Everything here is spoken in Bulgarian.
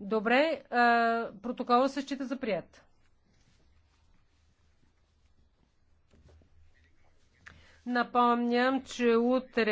Добре, а, е, протокола се счита за прият. Напомням, че утре